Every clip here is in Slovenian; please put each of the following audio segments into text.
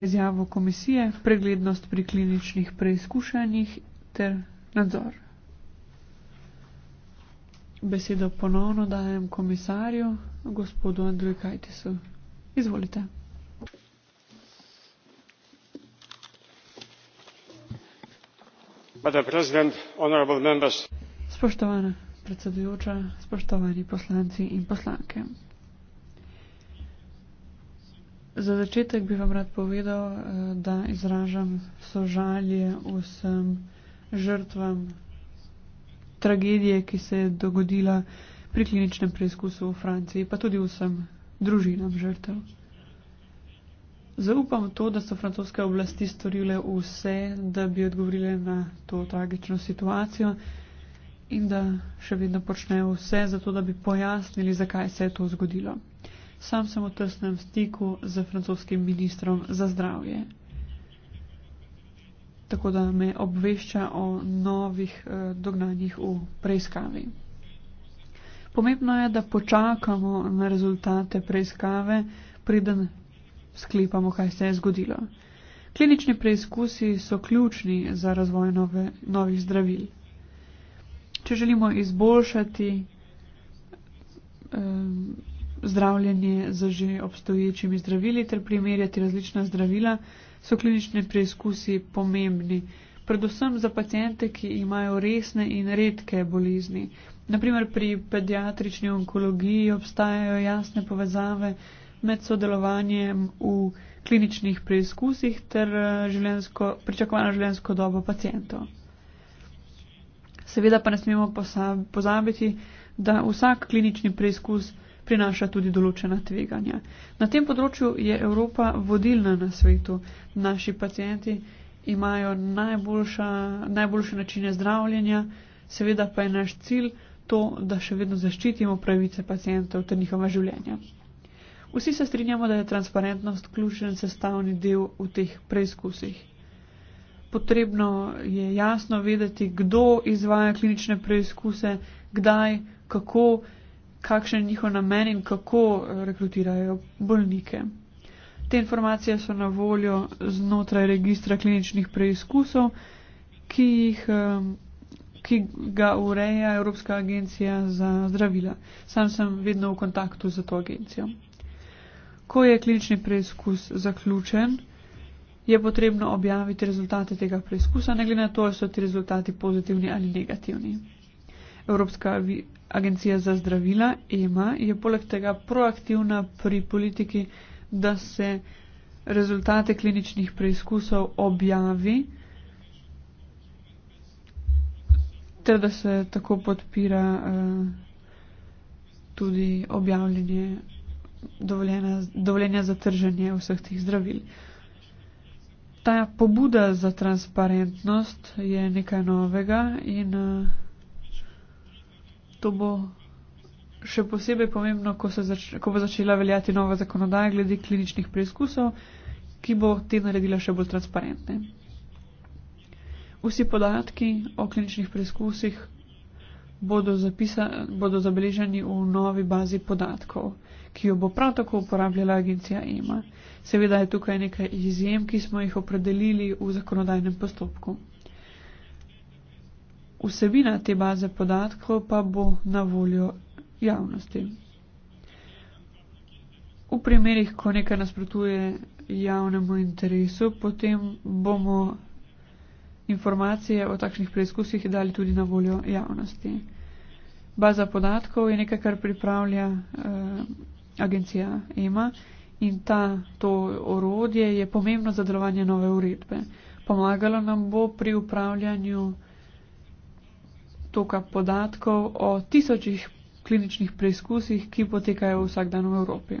izjavo komisije, preglednost pri kliničnih preizkušanjih ter nadzor. Besedo ponovno dajem komisarju, gospodu Andrej Kajtisu. Izvolite. Spoštovana predsedujoča, spoštovani poslanci in poslanke. Za začetek bi vam rad povedal, eh, da izražam sožalje vsem žrtvam tragedije, ki se je dogodila pri kliničnem preizkusu v Franciji, pa tudi vsem družinam žrtev. Zaupam to, da so francoske oblasti storile vse, da bi odgovorile na to tragično situacijo in da še vedno počnejo vse, zato da bi pojasnili, zakaj se je to zgodilo sam sem v tesnem stiku z francoskim ministrom za zdravje. Tako da me obvešča o novih eh, dognanjih v preiskavi. Pomembno je, da počakamo na rezultate preiskave, preden sklepamo, kaj se je zgodilo. Klinični preizkusi so ključni za razvoj nove, novih zdravil. Če želimo izboljšati eh, zdravljenje z že obstoječimi zdravili ter primerjati različna zdravila, so klinični preizkusi pomembni, predvsem za pacijente, ki imajo resne in redke bolezni. Naprimer pri pediatrični onkologiji obstajajo jasne povezave med sodelovanjem v kliničnih preizkusih ter eh, življensko, pričakovano življensko dobo pacijentov. Seveda pa ne smemo pozabiti, da vsak klinični preizkus prinaša tudi določena tveganja. Na tem področju je Evropa vodilna na svetu. Naši pacijenti imajo najboljša, najboljše načine zdravljenja, seveda pa je naš cilj to, da še vedno zaščitimo pravice pacijentov ter njihova življenja. Vsi se strinjamo, da je transparentnost ključen sestavni del v teh preizkusih. Potrebno je jasno vedeti, kdo izvaja klinične preizkuse, kdaj, kako in kako kakšen je njihov namen in kako eh, rekrutirajo bolnike. Te informacije so na voljo znotraj registra kliničnih preizkusov, ki, jih, ki ga ureja Evropska agencija za zdravila. Sam sem vedno v kontaktu z to agencijo. Ko je klinični preizkus zaključen, je potrebno objaviti rezultate tega preizkusa, ne glede na to, ali so ti rezultati pozitivni ali negativni. Evropska Agencija za zdravila EMA je poleg tega proaktivna pri politiki, da se rezultate kliničnih preizkusov objavi, ter da se tako podpira uh, tudi objavljanje dovoljenja za trženje vseh tih zdravil. Ta pobuda za transparentnost je nekaj novega in uh, to bo še posebej pomembno, ko, zač ko bo začela veljati nova zakonodaja glede kliničnih preizkusov, ki bo te naredila še bolj transparentne. Vsi podatki o kliničnih preizkusih bodo, bodo zabeleženi v novi bazi podatkov, ki jo bo prav tako uporabljala agencija EMA. Seveda je tukaj nekaj izjem, ki smo jih opredelili v zakonodajnem postopku. Vsebina te baze podatkov pa bo na voljo javnosti. V primerih, ko nekaj nasprotuje javnemu interesu, potem bomo informacije o takšnih preizkusih dali tudi na voljo javnosti. Baza podatkov je nekaj, kar pripravlja eh, agencija EMA in ta, to orodje je pomembno za delovanje nove uredbe. Pomagalo nam bo pri upravljanju eh, toka podatkov o tisočih kliničnih preizkusih, ki potekajo vsak dan v Evropi.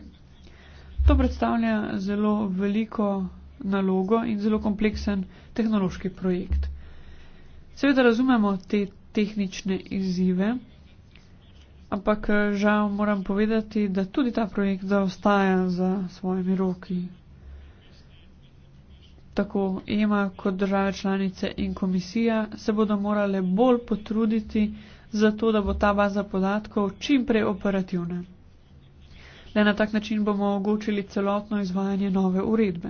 To predstavlja zelo veliko nalogo in zelo kompleksen tehnološki projekt. Seveda razumemo te tehnične izzive, ampak eh, žal moram povedati, da tudi ta projekt zaostaja za svojimi roki tako EMA kot države članice in komisija, se bodo morale bolj potruditi za to, da bo ta baza podatkov čim prej operativna. Le na tak način bomo omogočili celotno izvajanje nove uredbe.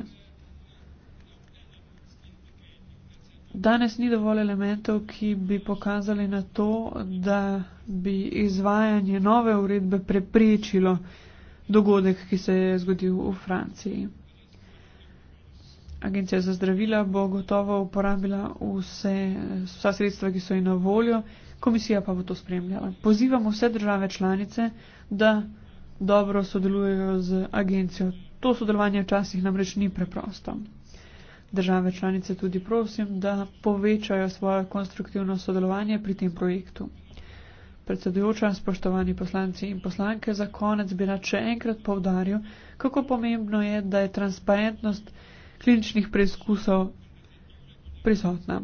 Danes ni dovolj elementov, ki bi pokazali na to, da bi izvajanje nove uredbe preprečilo dogodek, ki se je zgodil v Franciji. Agencija za zdravila bo gotovo uporabila vse, vsa sredstva, ki so ji na voljo, komisija pa bo to spremljala. Pozivamo vse države članice, da dobro sodelujejo z agencijo. To sodelovanje včasih namreč ni preprosto. Države članice tudi prosim, da povečajo svojo konstruktivno sodelovanje pri tem projektu. Predsedujoča, spoštovani poslanci in poslanke, za konec bi rad še enkrat povdaril, kako pomembno je, da je transparentnost kliničnih preizkusov prisotna.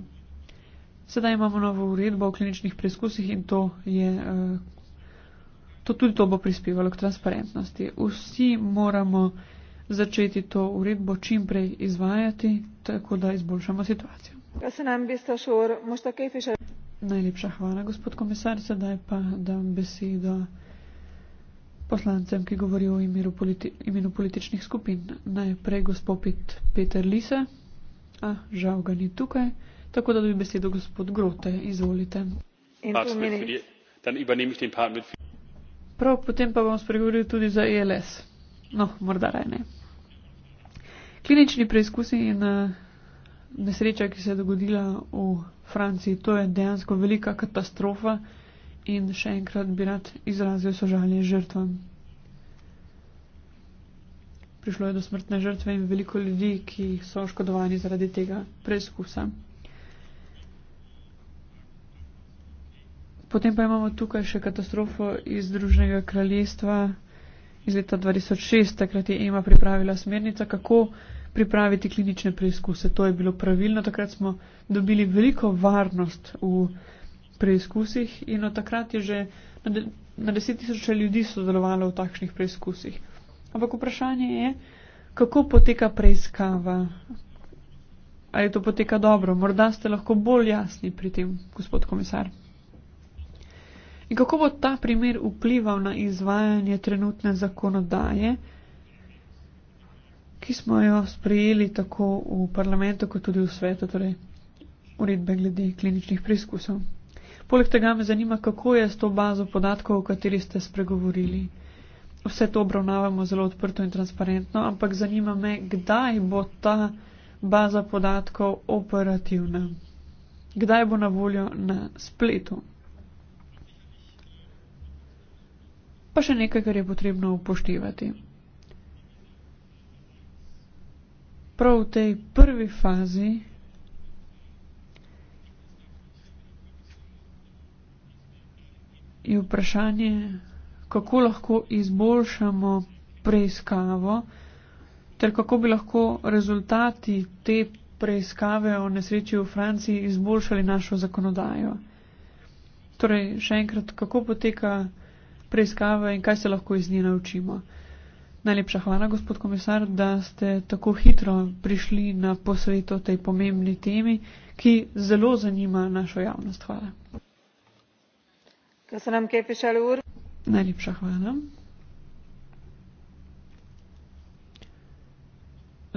Sedaj imamo novo uredbo o kliničnih preizkusih in to je, eh, to tudi to bo prispevalo k transparentnosti. Vsi moramo začeti to uredbo čim prej izvajati, tako da izboljšamo situacijo. Najlepša hvala, gospod komisar. Sedaj pa dam besedo poslancem, ki govorijo v imenu, politi imenu političnih skupin. Najprej gospod Peter Lise, a žal ga ni tukaj, tako da dobi besedo gospod Grote, izvolite. Prav potem pa bom spregovoril tudi za ELS. No, morda raje ne. Klinični preizkusi in eh, nesreča, ki se je dogodila v Franciji, to je dejansko velika katastrofa in še enkrat bi rad izrazil sožalje žrtvam. Prišlo je do smrtne žrtve in veliko ljudi, ki so oškodovani zaradi tega preizkusa. Potem pa imamo tukaj še katastrofo iz Združnega kraljestva iz leta 2006. Takrat je EMA pripravila smernica, kako pripraviti klinične preizkuse. To je bilo pravilno. Takrat smo dobili veliko varnost v preizkusih in od takrat je že na deset tisoče ljudi sodelovalo v takšnih preizkusih. Ampak vprašanje je, kako poteka preiskava? Ali to poteka dobro? Morda ste lahko bolj jasni pri tem, gospod komisar. In kako bo ta primer vplival na izvajanje trenutne zakonodaje, ki smo jo sprejeli tako v parlamentu, kot tudi v svetu, torej uredbe glede kliničnih preizkusov? Poleg tega me zanima, kako je s to bazo podatkov, o kateri ste spregovorili. Vse to obravnavamo zelo odprto in transparentno, ampak zanima me, kdaj bo ta baza podatkov operativna. Kdaj bo na voljo na spletu. Pa še nekaj, kar je potrebno upoštevati. Prav v tej prvi fazi je vprašanje, kako lahko izboljšamo preiskavo, ter kako bi lahko rezultati te preiskave o nesreči v Franciji izboljšali našo zakonodajo. Torej, še enkrat, kako poteka preiskava in kaj se lahko iz nje naučimo. Najlepša hvala, gospod komisar, da ste tako hitro prišli na posvet o tej pomembni temi, ki zelo zanima našo javnost. Hvala. Köszönöm, képviselő úr. Najlepša hvala.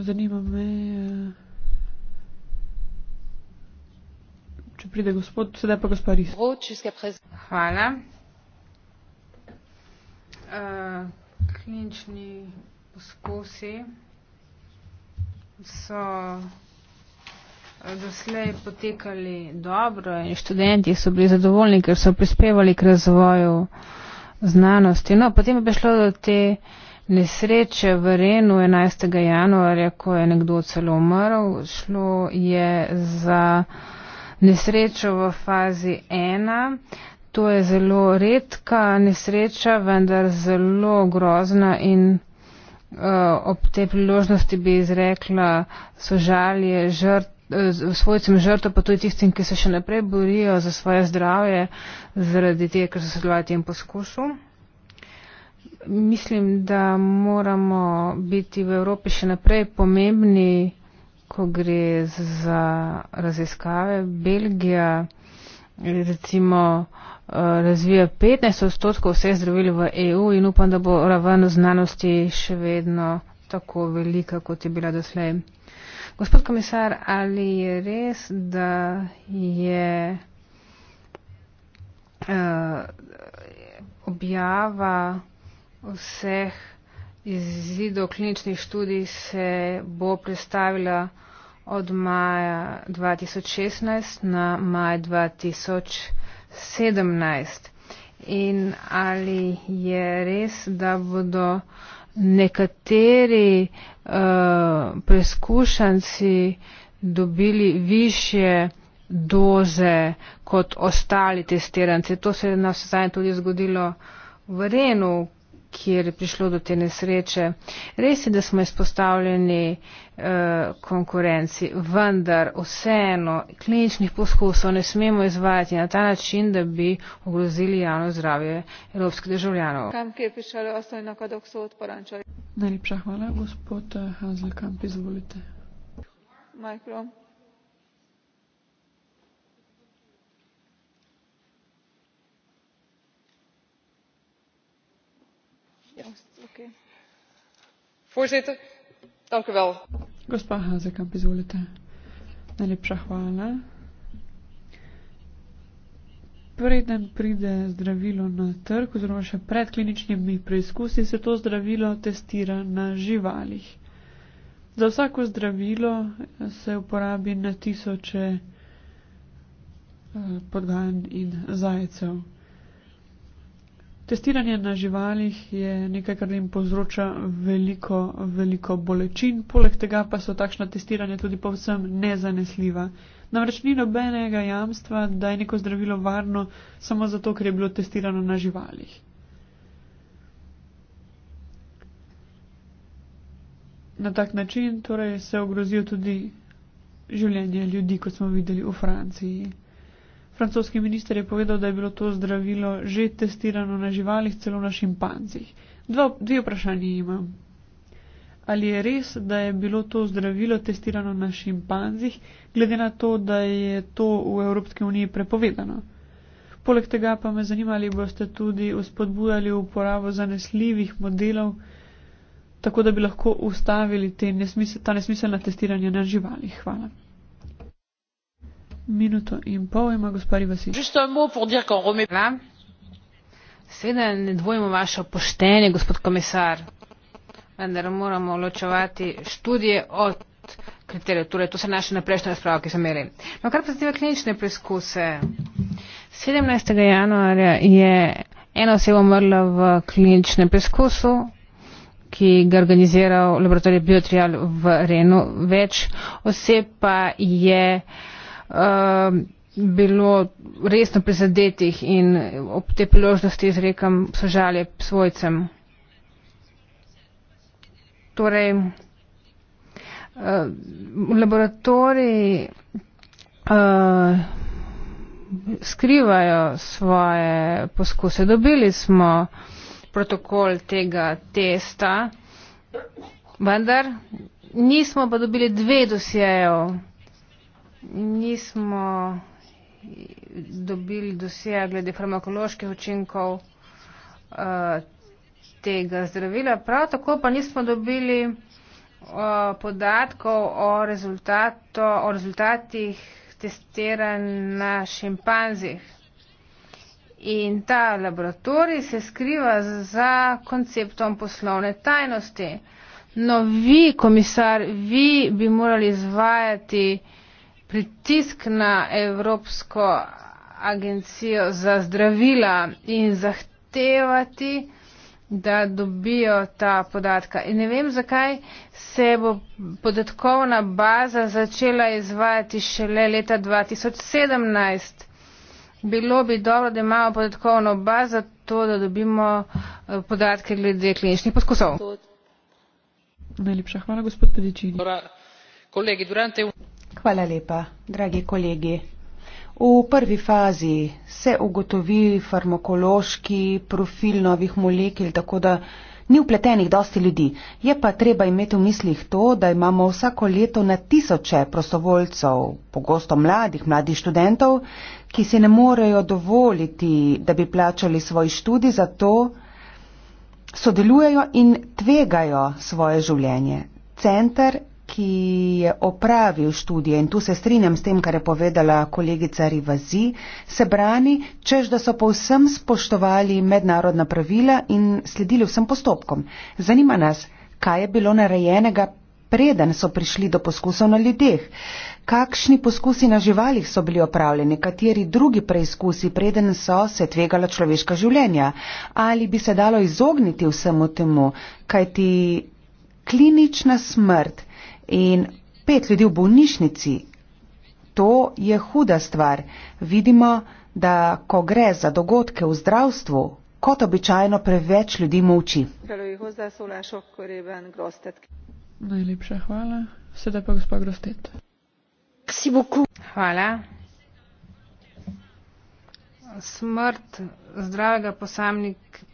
Zanima me, e, če pride gospod, sedaj pa gospod Riz. Hvala. Uh, klinični poskusi so doslej potekali dobro in študenti so bili zadovoljni, ker so prispevali k razvoju znanosti. No, potem je prišlo do te nesreče v Renu 11. januarja, ko je nekdo celo umrl. Šlo je za nesrečo v fazi 1. To je zelo redka nesreča, vendar zelo grozna in uh, ob tej priložnosti bi izrekla sožalje žrt svojcem žrtev, pa tudi tistim, ki se še naprej borijo za svoje zdravje, zaradi tega, ker so sodelovali v tem poskusu. Mislim, da moramo biti v Evropi še naprej pomembni, ko gre za raziskave. Belgija recimo eh, razvija 15 odstotkov vseh zdravil v EU in upam, da bo raven znanosti še vedno tako velika, kot je bila doslej. Gospod komisar, ali je res, da je uh, objava vseh izidov kliničnih študij se bo predstavila od maja 2016 na maj 2017? In ali je res, da bodo nekateri uh, Eh, preizkušanci dobili više doze kot ostali testiranci. To se je na vse zadnje tudi zgodilo v Renu, kjer je prišlo do te nesreče. Res je, da smo izpostavljeni eh, konkurenci, vendar vseeno kliničnih poskusov ne smemo izvajati na ta način, da bi ogrozili javno zdravje evropskih državljanov. Najlepša hvala, gospod eh, Hazel Kamp, izvolite. Mikro. Ja, voorzitter dank u wel. gospa hazekamp izvolite najlepša hvala. preden pride zdravilo na trg oziroma še pred kliničnimi preizkusi se to zdravilo testira na živalih. za vsako zdravilo eh, se uporabi na tisoče eh, podgan in zajcev. Testiranje na živalih je nekaj, kar jim povzroča veliko, veliko bolečin, poleg tega pa so takšna testiranja tudi povsem nezanesljiva. Namreč ni nobenega jamstva, da je neko zdravilo varno samo zato, ker je bilo testirano na živalih. Na tak način torej se ogrozijo tudi življenje ljudi, kot smo videli v Franciji. Francoski minister je povedal, da je bilo to zdravilo že testirano na živalih, celo na šimpanzih. Dva, dve vprašanje imam. Ali je res, da je bilo to zdravilo testirano na šimpanzih, glede na to, da je to v Evropski uniji prepovedano? Poleg tega pa me zanima, ali boste tudi uspodbujali uporabo zanesljivih modelov, tako da bi lahko ustavili nesmisel, ta nesmiselna testiranja na živalih. Hvala minuto in pol ima gospod Ivasi. Seveda ne dvojimo vaše poštenje, gospod komisar, vendar moramo ločevati študije od kriterijev. Torej, to se naša na prejšnjo razpravo, ki smo imeli. No, kar pa zadeva klinične preizkuse. 17. januarja je ena oseba umrla v kliničnem preizkusu, ki ga je organiziral laboratorij Biotrial v Renu. Več oseb pa je. Ehm, bilo resno prizadetih in ob te priložnosti izrekam sožalje svojcem. Torej, uh, laboratoriji uh, skrivajo svoje poskuse. Dobili smo protokol tega testa, vendar nismo pa dobili dve dosjejev nismo dobili dosija glede farmakoloških učinkov eh, tega zdravila. Prav tako pa nismo dobili eh, podatkov o, o rezultatih testiran na šimpanzih. In ta laboratorij se skriva za konceptom poslovne tajnosti. No, vi, komisar, vi bi morali izvajati uh, pritisk na Evropsko agencijo za zdravila in zahtevati, da dobijo ta podatka. In ne vem, zakaj se bo podatkovna baza začela izvajati šele leta 2017. Bilo bi dobro, da imamo podatkovno bazo, to, da dobimo eh, podatke glede kliničnih poskusov. Najlepša hvala, gospod Pedičini. Hvala lepa, dragi kolegi. V prvi fazi se ugotovi farmakološki profil novih molekul, tako da ni upletenih dosti ljudi. Je pa treba imeti v mislih to, da imamo vsako leto na tisoče prostovoljcev, pogosto mladih, mladih študentov, ki si ne morejo dovoliti, da bi plačali svoj študij, zato sodelujejo in tvegajo svoje življenje. Center ki je opravil študije in tu se strinjam s tem, kar je povedala kolegica Rivazi, se brani, čež da so povsem spoštovali mednarodna pravila in sledili vsem postopkom. Zanima nas, kaj je bilo narejenega, preden so prišli do poskusov na ljudeh. Kakšni poskusi na živalih so bili opravljeni, kateri drugi preizkusi, preden so se tvegala človeška življenja? Ali bi se dalo izogniti vsemu temu, kajti klinična smrt in pet ljudi v bolnišnici. To je huda stvar. Vidimo, da ko gre za dogodke v zdravstvu, kot običajno preveč ljudi muči. Najlepša hvala. Sedaj pa gospod Grostet. Hvala. Smrt zdravega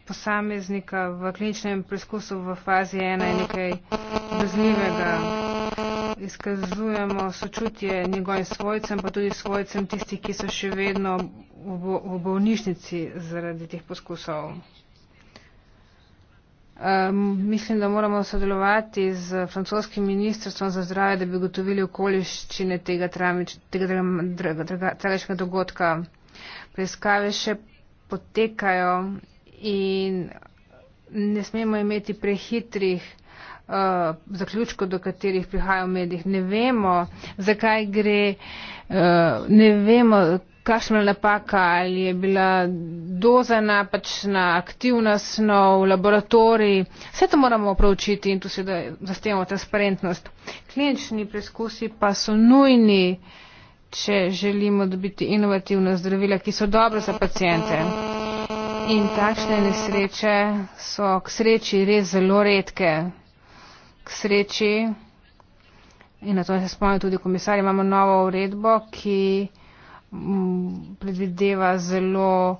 posameznika v kliničnem preizkusu v fazi 1 je nekaj izkazujemo sočutje njegovim svojcem, pa tudi svojcem tisti, ki so še vedno v, v bolnišnici zaradi teh poskusov. Um, mislim, da moramo sodelovati z francoskim ministrstvom za zdravje, da bi gotovili okoliščine tega, tramič, tega dra, dra, dra, dra, tragičnega dogodka. Preiskave še potekajo in ne smemo imeti prehitrih Eh, zaključkov, do katerih prihajajo v medijih. Ne vemo, zakaj gre, uh, ne vemo, kakšna napaka ali je bila doza napačna, aktivna snov, laboratorij. Vse to moramo proučiti in tu se zastemo transparentnost. Klinični preskusi pa so nujni, če želimo dobiti inovativna zdravila, ki so dobra za pacijente. In takšne nesreče so k sreči res zelo redke k sreči, in na to se spomnim tudi komisar, imamo novo uredbo, ki mm, predvideva zelo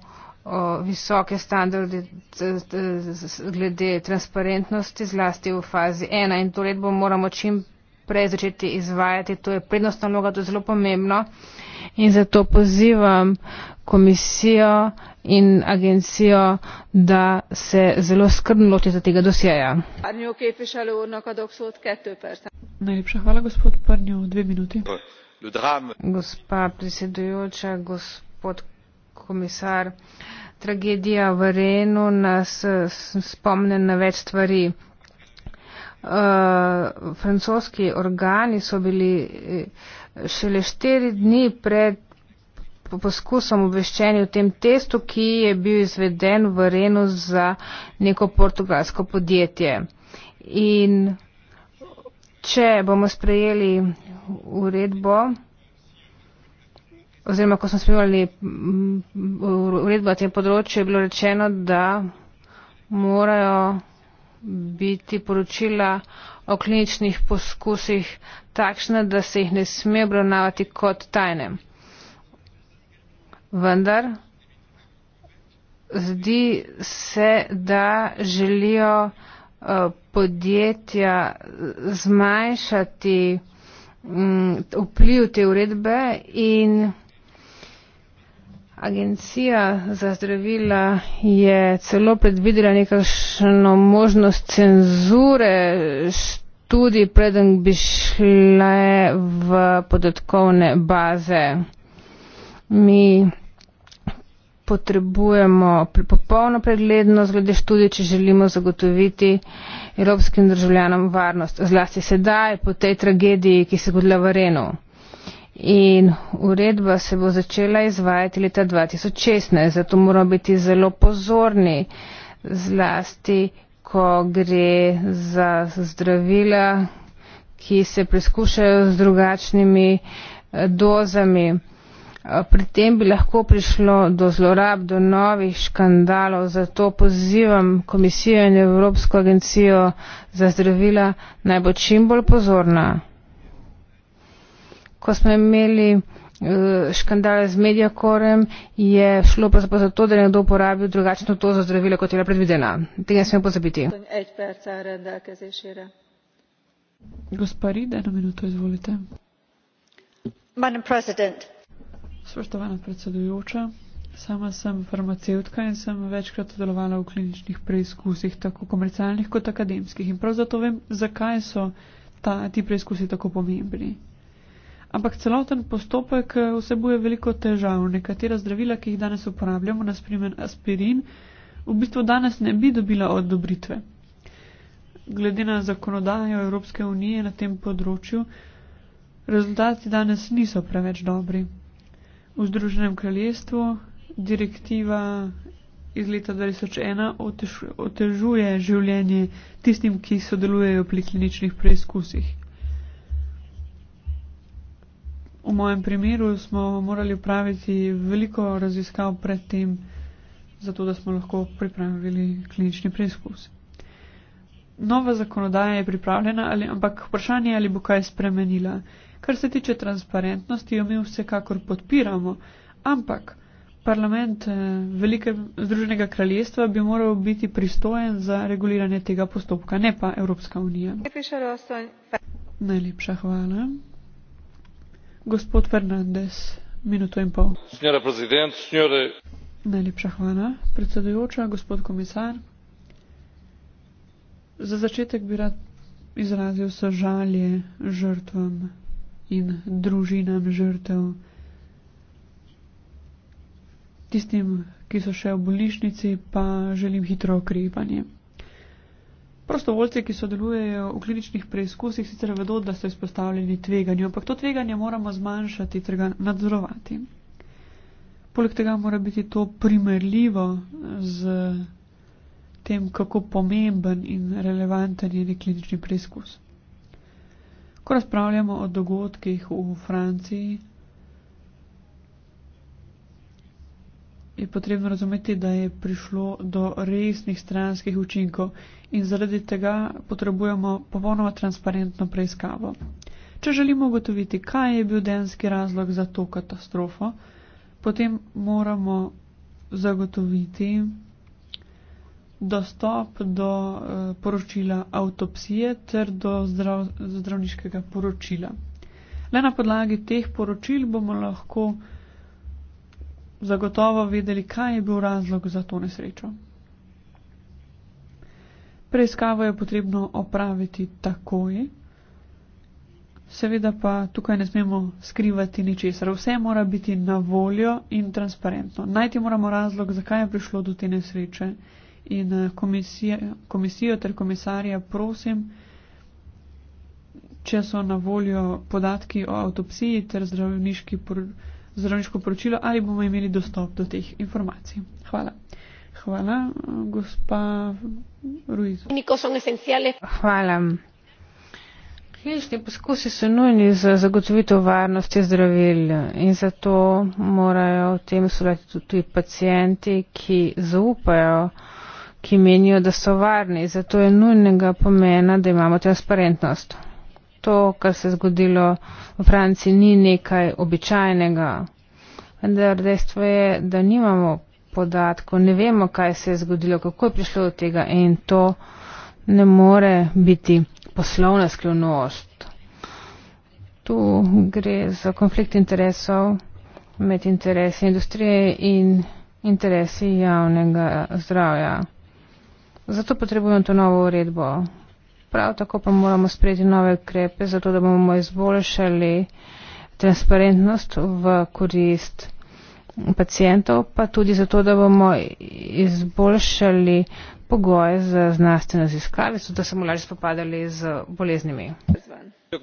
visoke standarde glede transparentnosti, zlasti v fazi ena in to uredbo moramo čim prej začeti izvajati. To je prednostna naloga, to je zelo pomembno in zato pozivam komisijo in agencijo, da se zelo skrbno lotite tega dosjeja. Najlepša hvala, gospod Prnjo, dve minuti. Gospa predsedujoča, gospod komisar, tragedija v Renu nas spomne na več stvari. Uh, francoski organi so bili eh, šele štiri dni pred poskusom obveščeni o tem testu, ki je bil izveden v Renu za neko portugalsko podjetje. In če bomo sprejeli uredbo, oziroma ko smo sprejeli mm, uredbo na tem področju, je bilo rečeno, da morajo biti poročila o kliničnih poskusih takšne, da se jih ne sme obravnavati kot tajne vendar zdi se, da želijo eh, podjetja zmanjšati mm, vpliv te uredbe in agencija za zdravila je celo predvidela nekakšno možnost cenzure tudi preden bi šle v podatkovne baze. Mi potrebujemo popolno preglednost glede študije, če želimo zagotoviti evropskim državljanom varnost, zlasti sedaj po tej tragediji, ki se je zgodila v Renu. In uredba se bo začela izvajati leta 2016, zato moramo biti zelo pozorni, zlasti ko gre za zdravila, ki se preskušajo z drugačnimi eh, dozami. Pri tem bi lahko prišlo do zlorab, do novih škandalov, zato pozivam komisijo in Evropsko agencijo za zdravila naj bo čim bolj pozorna. Ko smo imeli eh, škandale z medijakorem, je šlo pa za to, da je nekdo uporabil drugačno to za zdravila, kot je bila predvidena. Tega ne smemo pozabiti. Gospa Rida, eno minuto izvolite. Gospa predsednica, Spoštovana predsedujoča, sama sem farmacevtka in sem večkrat delovala v kliničnih preizkusih, tako komercialnih kot akademskih. In prav zato vem, zakaj so ta, ti preizkusi tako pomembni. Ampak celoten postopek eh, vsebuje veliko težav. Nekatera zdravila, ki jih danes uporabljamo, nasprimer aspirin, v bistvu danes ne bi dobila odobritve. Glede na zakonodajo Evropske unije na tem področju, rezultati danes niso preveč dobri v Združenem kraljestvu. Direktiva iz leta 2001 otež, otežuje življenje tistim, ki sodelujejo pri kliničnih preizkusih. V mojem primeru smo morali upraviti veliko raziskav pred tem, zato da smo lahko pripravili klinični preizkus. Nova zakonodaja je pripravljena, ali, ampak vprašanje je, ali bo kaj spremenila. Kar se tiče transparentnosti, jo mi vsekakor podpiramo, ampak parlament eh, Velike združenega kraljestva bi moral biti pristojen za reguliranje tega postopka, ne pa Evropska unija. Najlepša hvala. Gospod Fernandez, minuto in pol. Signore... Najlepša hvala, predsedujoča, gospod komisar. Za začetek bi rad izrazil sožalje žrtvam in družinam žrtev, tistim, ki so še v bolnišnici, pa želim hitro okrepanje. Prostovoljci, ki sodelujejo v kliničnih preizkusih, sicer vedo, da so izpostavljeni tveganju, ampak to tveganje moramo zmanjšati ter ga nadzorovati. Poleg tega mora biti to primerljivo z tem, kako pomemben in relevanten je neklinični preizkus ko razpravljamo o dogodkih v Franciji, je potrebno razumeti, da je prišlo do resnih stranskih učinkov in zaradi tega potrebujemo popolnoma transparentno preiskavo. Če želimo ugotoviti, kaj je bil denski razlog za to katastrofo, potem moramo zagotoviti, dostop do eh, poročila avtopsije ter do zdrav, zdravniškega poročila. Le na podlagi teh poročil bomo lahko zagotovo vedeli, kaj je bil razlog za to nesrečo. Preiskavo je potrebno opraviti takoj, seveda pa tukaj ne smemo skrivati ničesar. Vse mora biti na voljo in transparentno. Najti moramo razlog, zakaj je prišlo do te nesreče in eh, komisijo, komisijo ter komisarja prosim, če so na voljo podatki o avtopsiji ter por, zdravniško poročilo, ali bomo imeli dostop do teh informacij. Hvala. Hvala, gospa Ruiz. Hvala. Klinični poskusi so nujni za zagotovitev varnosti zdravil in zato morajo v tem sodelovati tudi pacijenti, ki zaupajo ki menijo, da so varni. Zato je nujnega pomena, da imamo transparentnost. To, kar se je zgodilo v Franciji, ni nekaj običajnega. Vendar dejstvo je, da nimamo podatkov, ne vemo, kaj se je zgodilo, kako je prišlo do tega in to ne more biti poslovna skrivnost. Tu gre za konflikt interesov med interesi industrije in interesi javnega zdravja. Zato potrebujemo to novo uredbo. Prav tako pa moramo sprejeti nove ukrepe, zato da bomo izboljšali transparentnost v korist pacijentov, pa tudi zato, da bomo izboljšali pogoje za znanstvene raziskave, zato da se bomo lažje spopadali z boleznimi. E,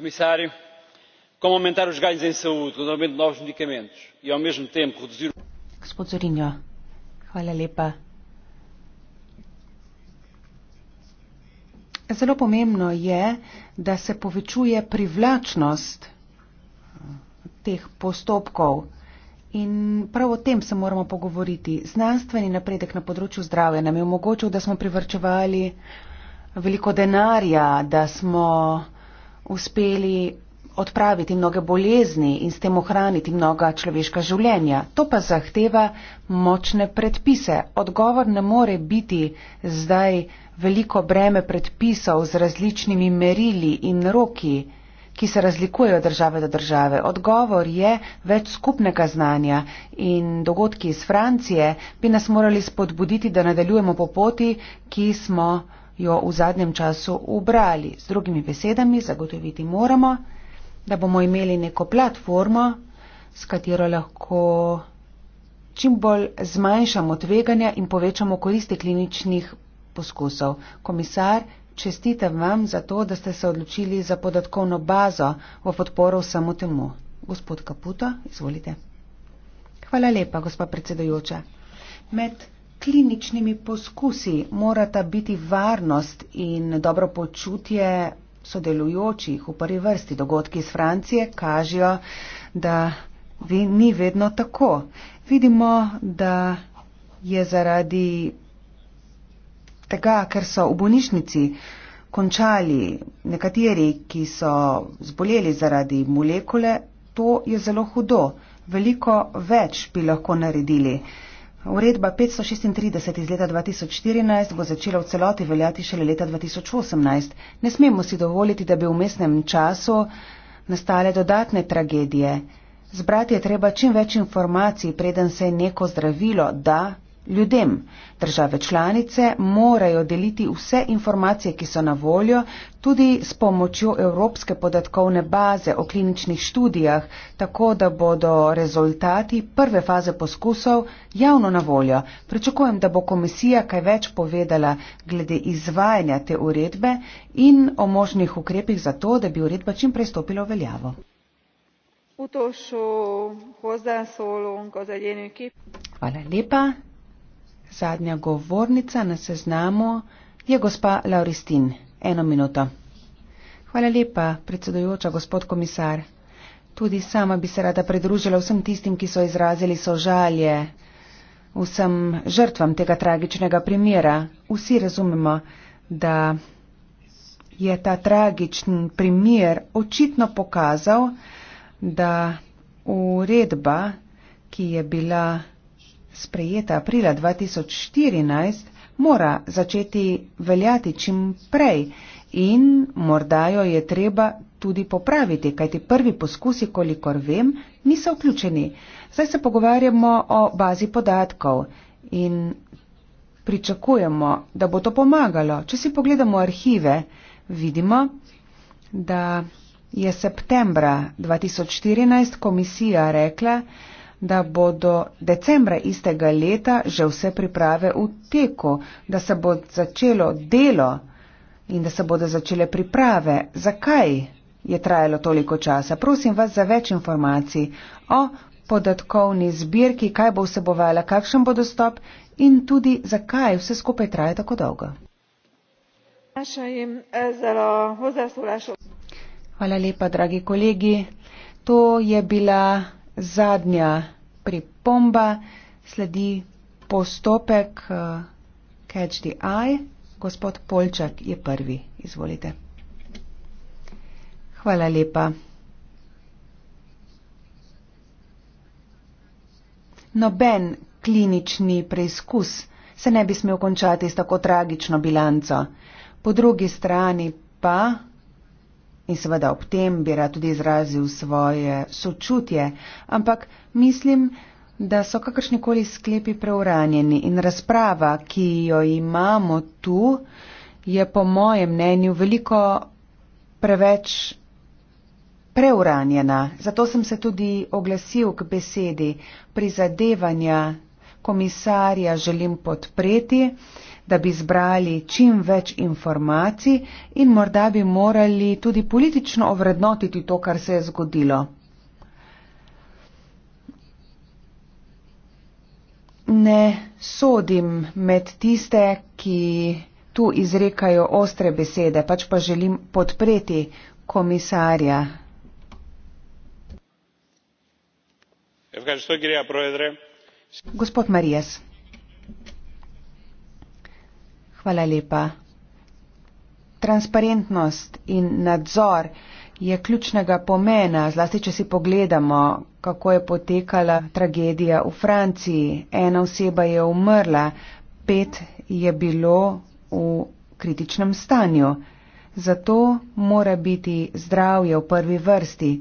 Gospod Zorinjo, hvala lepa. Zelo pomembno je, da se povečuje privlačnost eh, teh postopkov in prav o tem se moramo pogovoriti. Znanstveni napredek na področju zdravja nam je omogočil, da smo privrčevali veliko denarja, da smo uspeli odpraviti mnoge bolezni in s tem ohraniti mnoga človeška življenja. To pa zahteva močne predpise. Odgovor ne more biti zdaj veliko breme predpisov z različnimi merili in roki, ki se razlikujejo države do države. Odgovor je več skupnega znanja in dogodki iz Francije bi nas morali spodbuditi, da nadaljujemo po poti, ki smo jo v zadnjem času ubrali. Z drugimi besedami zagotoviti moramo, da bomo imeli neko platformo, s katero lahko čim bolj zmanjšamo tveganja in povečamo koristi kliničnih poskusov. Komisar, čestitam vam za to, da ste se odločili za podatkovno bazo v podporo samo temu. Gospod Kaputo, izvolite. Hvala lepa, gospa predsedojoča. Med kliničnimi poskusi morata biti varnost in dobro počutje sodelujočih, v prvi vrsti dogodki iz Francije, kažejo, da ni vedno tako. Vidimo, da je zaradi tega, ker so v bolnišnici končali nekateri, ki so zboleli zaradi molekule, to je zelo hudo. Veliko več bi lahko naredili. Uredba 536 iz leta 2014 bo začela v celoti veljati šele leta 2018. Ne smemo si dovoliti, da bi v mestnem času nastale dodatne tragedije. Zbrati je treba čim več informacij, preden se neko zdravilo da Ljudem države članice morajo deliti vse informacije, ki so na voljo, tudi s pomočjo Evropske podatkovne baze o kliničnih študijah, tako da bodo rezultati prve faze poskusov javno na voljo. Pričakujem, da bo komisija kaj več povedala glede izvajanja te uredbe in o možnih ukrepih za to, da bi uredba čim prej stopila v veljavo. Hvala lepa. Zadnja govornica na seznamu je gospa Lauristin. Eno minuto. Hvala lepa, predsedujoča gospod komisar. Tudi sama bi se rada pridružila vsem tistim, ki so izrazili sožalje vsem žrtvam tega tragičnega primera. Vsi razumemo, da je ta tragičen primer očitno pokazal, da uredba, ki je bila sprejeta aprila 2014, mora začeti veljati čim prej in morda jo je treba tudi popraviti, kajti prvi poskusi, kolikor vem, niso vključeni. Zdaj se pogovarjamo o bazi podatkov in pričakujemo, da bo to pomagalo. Če si pogledamo arhive, vidimo, da je septembra 2014 komisija rekla, da bo do decembra istega leta že vse priprave v teku, da se bo začelo delo in da se bodo začele priprave. Zakaj je trajalo toliko časa? Prosim vas za več informacij o podatkovni zbirki, kaj bo vsebovala, kakšen bo dostop in tudi zakaj vse skupaj traja tako dolgo. Eh, Hvala lepa, dragi kolegi. To je bila zadnja pripomba, sledi postopek uh, Catch the Eye. Gospod Polčak je prvi. Izvolite. Hvala lepa. Noben klinični preizkus se ne bi smel končati s tako tragično bilanco. Po drugi strani pa in seveda ob tem bi rad tudi izrazil svoje sočutje, ampak mislim, da so kakršnikoli sklepi preuranjeni in razprava, ki jo imamo tu, je po mojem mnenju veliko preveč preuranjena. Zato sem se tudi oglasil k besedi prizadevanja komisarja želim podpreti, da bi zbrali čim več informacij in morda bi morali tudi politično ovrednotiti to, kar se je zgodilo. Ne sodim med tiste, ki tu izrekajo ostre besede, pač pa želim podpreti komisarja. Evo kaže, što je greja, provedre? Gospod Marijas. Hvala lepa. Transparentnost in nadzor je ključnega pomena, zlasti če si pogledamo, kako je potekala tragedija v Franciji. Ena oseba je umrla, pet je bilo v kritičnem stanju. Zato mora biti zdravje v prvi vrsti.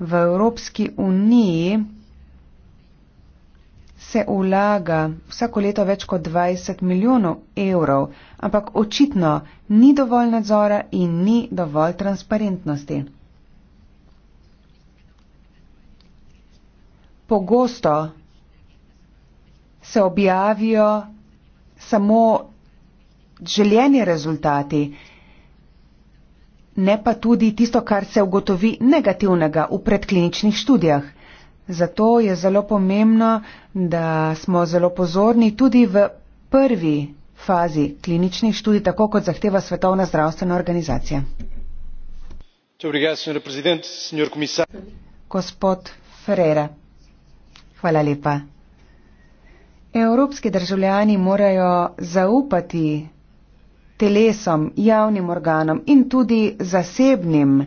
V Evropski uniji se vlaga vsako leto več kot 20 milijonov evrov, ampak očitno ni dovolj nadzora in ni dovolj transparentnosti. Pogosto se objavijo samo želeni rezultati, ne pa tudi tisto, kar se ugotovi negativnega v predkliničnih študijah. Zato je zelo pomembno, da smo zelo pozorni tudi v prvi fazi kliničnih študij, tako kot zahteva Svetovna zdravstvena organizacija. Gospod Ferreira, hvala lepa. Evropski državljani morajo zaupati telesom, javnim organom in tudi zasebnim eh,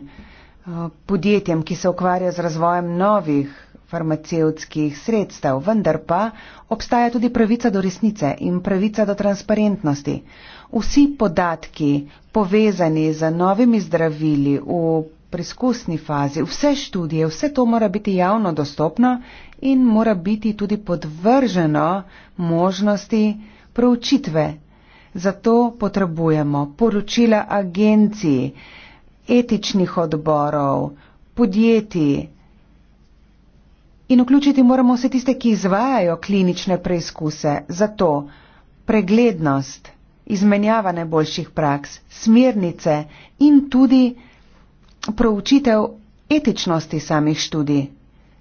podjetjem, ki se ukvarja z razvojem novih farmacevtskih sredstev, vendar pa obstaja tudi pravica do resnice in pravica do transparentnosti. Vsi podatki povezani z novimi zdravili v preizkusni fazi, vse študije, vse to mora biti javno dostopno in mora biti tudi podvrženo možnosti proučitve. Zato potrebujemo poročila agenciji, etičnih odborov, podjetij, In vključiti moramo vse tiste, ki izvajajo klinične preizkuse. Zato preglednost, izmenjava najboljših praks, smernice in tudi proučitev etičnosti samih študij.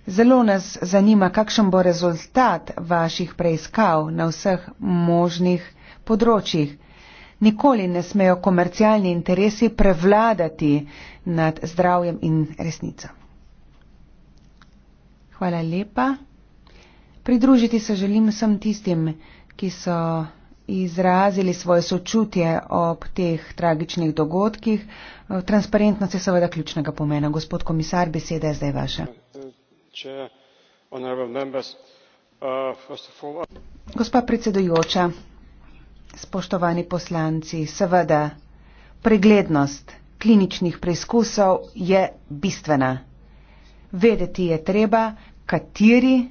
Zelo nas zanima, kakšen bo rezultat vaših preiskav na vseh možnih področjih. Nikoli ne smejo komercialni interesi prevladati nad zdravjem in resnicami. Hvala lepa. Pridružiti se želim vsem tistim, ki so izrazili svoje sočutje ob teh tragičnih dogodkih. Eh, transparentnost je seveda ključnega pomena. Gospod komisar, beseda je zdaj vaša. Gospa predsedujoča, spoštovani poslanci, seveda preglednost kliničnih preizkusov je bistvena. Vedeti je treba, kateri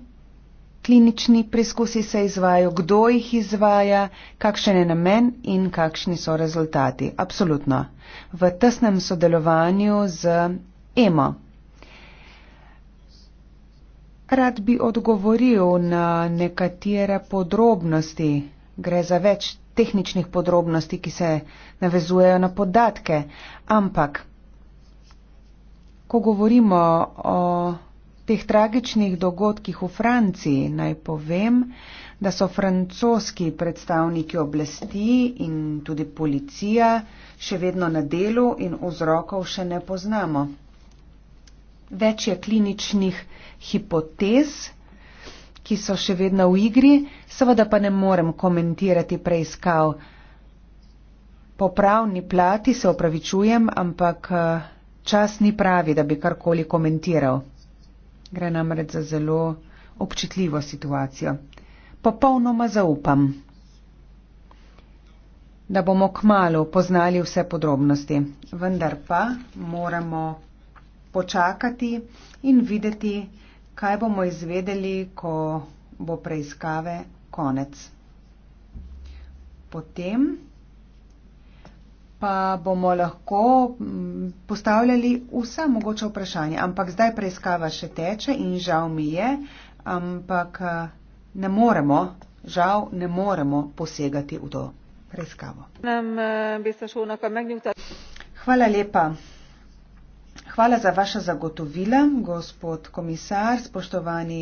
klinični preizkusi se izvajo, kdo jih izvaja, kakšen je namen in kakšni so rezultati. Absolutno. V tesnem sodelovanju z EMO. Rad bi odgovoril na nekatere podrobnosti. Gre za več tehničnih podrobnosti, ki se navezujejo na podatke. Ampak, ko govorimo o teh tragičnih dogodkih v Franciji naj povem, da so francoski predstavniki oblasti in tudi policija še vedno na delu in vzrokov še ne poznamo. Več je kliničnih hipotez, ki so še vedno v igri, seveda pa ne morem komentirati preiskav. Po pravni plati se opravičujem, ampak eh, čas ni pravi, da bi karkoli komentiral. Gre namreč za zelo občutljivo situacijo. Popolnoma zaupam, da bomo k malu poznali vse podrobnosti, vendar pa moramo počakati in videti, kaj bomo izvedeli, ko bo preiskave konec. Potem pa bomo lahko mm, postavljali vsa mogoče vprašanja. Ampak zdaj preiskava še teče in žal mi je, ampak ne moremo, žal ne moremo posegati v to preiskavo. Eh, Hvala lepa. Hvala za vaša zagotovila, gospod komisar, spoštovani.